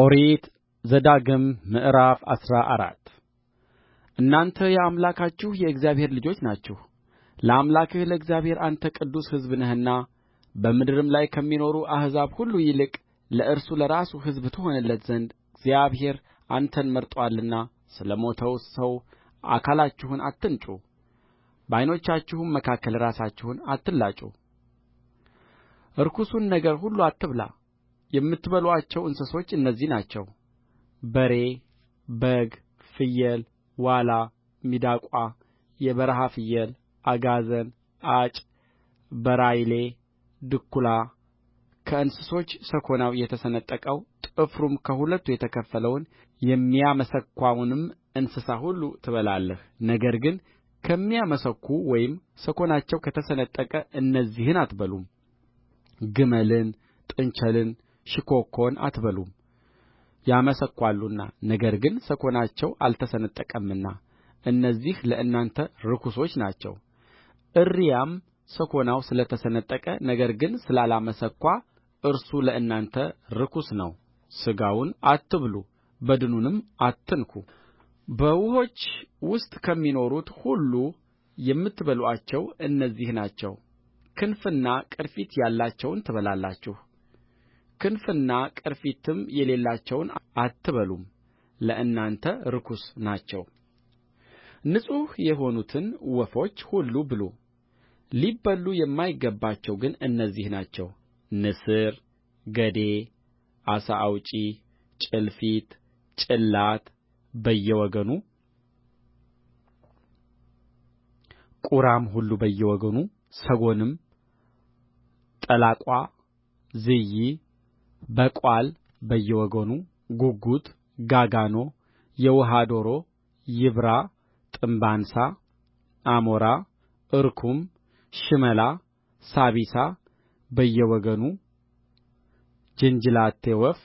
ኦሪት ዘዳግም ምዕራፍ አስራ አራት እናንተ የአምላካችሁ የእግዚአብሔር ልጆች ናችሁ ለአምላክህ ለእግዚአብሔር አንተ ቅዱስ ሕዝብ ነህና በምድርም ላይ ከሚኖሩ አሕዛብ ሁሉ ይልቅ ለእርሱ ለራሱ ሕዝብ ትሆንለት ዘንድ እግዚአብሔር አንተን መርጦአልና ስለ ሞተው ሰው አካላችሁን አትንጩ በዓይኖቻችሁም መካከል ራሳችሁን አትላጩ ርኩሱን ነገር ሁሉ አትብላ የምትበሉአቸው እንስሶች እነዚህ ናቸው በሬ በግ ፍየል ዋላ ሚዳቋ የበረሃ ፍየል አጋዘን አጭ በራይሌ ድኵላ ከእንስሶች ሰኮናው የተሰነጠቀው ጥፍሩም ከሁለቱ የተከፈለውን የሚያመሰኳውንም እንስሳ ሁሉ ትበላለህ ነገር ግን ከሚያመሰኩ ወይም ሰኮናቸው ከተሰነጠቀ እነዚህን አትበሉም ግመልን ጥንቸልን ሽኮኮን አትበሉም ያመሰኳሉና ነገር ግን ሰኮናቸው አልተሰነጠቀምና እነዚህ ለእናንተ ርኩሶች ናቸው እርያም ሰኮናው ስለ ተሰነጠቀ ነገር ግን ስላላመሰኳ እርሱ ለእናንተ ርኩስ ነው ሥጋውን አትብሉ በድኑንም አትንኩ በውኆች ውስጥ ከሚኖሩት ሁሉ የምትበሉአቸው እነዚህ ናቸው ክንፍና ቅርፊት ያላቸውን ትበላላችሁ ክንፍና ቅርፊትም የሌላቸውን አትበሉም ለእናንተ ርኩስ ናቸው ንጹሕ የሆኑትን ወፎች ሁሉ ብሉ ሊበሉ የማይገባቸው ግን እነዚህ ናቸው ንስር ገዴ ዓሣ አውጭ ጭልፊት ጭላት በየወገኑ ቁራም ሁሉ በየወገኑ ሰጎንም ጠላቋ ዝይ በቋል በየወገኑ ጉጉት ጋጋኖ የውኃ ዶሮ ይብራ ጥምብ አንሣ አሞራ እርኩም ሽመላ ሳቢሳ በየወገኑ ጅንጅላቴ ወፍ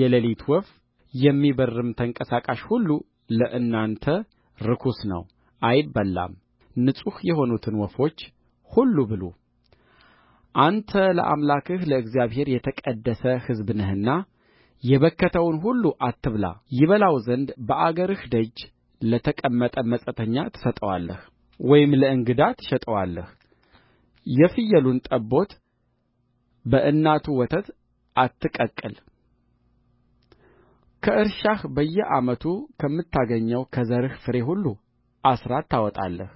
የሌሊት ወፍ የሚበርርም ተንቀሳቃሽ ሁሉ ለእናንተ ርኩስ ነው አይበላም ንጹሕ የሆኑትን ወፎች ሁሉ ብሉ አንተ ለአምላክህ ለእግዚአብሔር የተቀደሰ ሕዝብ ነህና የበከተውን ሁሉ አትብላ ይበላው ዘንድ በአገርህ ደጅ ለተቀመጠ መጻተኛ ትሰጠዋለህ ወይም ለእንግዳ ትሸጠዋለህ የፍየሉን ጠቦት በእናቱ ወተት አትቀቅል ከእርሻህ በየዓመቱ ከምታገኘው ከዘርህ ፍሬ ሁሉ አሥራት ታወጣለህ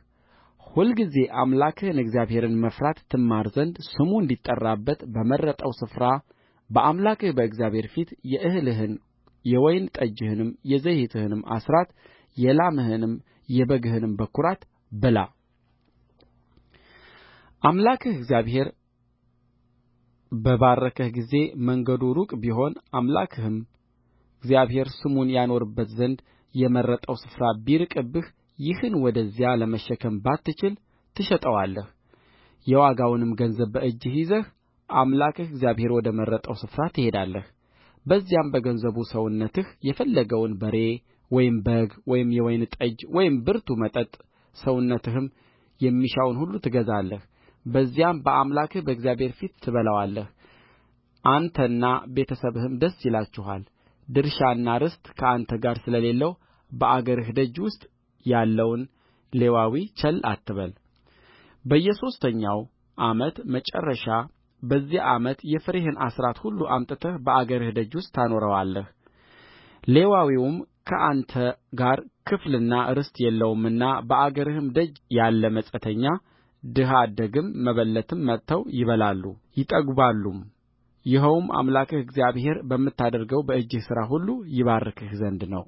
ሁልጊዜ አምላክህን እግዚአብሔርን መፍራት ትማር ዘንድ ስሙ እንዲጠራበት በመረጠው ስፍራ በአምላክህ በእግዚአብሔር ፊት የእህልህን የወይን ጠጅህንም የዘይትህንም አሥራት የላምህንም የበግህንም በኵራት ብላ። አምላክህ እግዚአብሔር በባረከህ ጊዜ መንገዱ ሩቅ ቢሆን አምላክህም እግዚአብሔር ስሙን ያኖርበት ዘንድ የመረጠው ስፍራ ቢርቅብህ ይህን ወደዚያ ለመሸከም ባትችል ትሸጠዋለህ የዋጋውንም ገንዘብ በእጅህ ይዘህ አምላክህ እግዚአብሔር ወደ መረጠው ስፍራ ትሄዳለህ በዚያም በገንዘቡ ሰውነትህ የፈለገውን በሬ ወይም በግ ወይም የወይን ጠጅ ወይም ብርቱ መጠጥ ሰውነትህም የሚሻውን ሁሉ ትገዛለህ በዚያም በአምላክህ በእግዚአብሔር ፊት ትበላዋለህ አንተና ቤተሰብህም ደስ ይላችኋል ድርሻና ርስት ከአንተ ጋር ስለሌለው በአገርህ ደጅ ውስጥ ያለውን ሌዋዊ ቸል አትበል በየሦስተኛው ዓመት መጨረሻ በዚያ ዓመት የፍሬህን አሥራት ሁሉ አምጥተህ በአገርህ ደጅ ውስጥ ታኖረዋለህ ሌዋዊውም ከአንተ ጋር ክፍልና ርስት የለውምና በአገርህም ደጅ ያለ መጻተኛ ድሀ አደግም መበለትም መጥተው ይበላሉ ይጠግባሉም ይኸውም አምላክህ እግዚአብሔር በምታደርገው በእጅህ ሥራ ሁሉ ይባርክህ ዘንድ ነው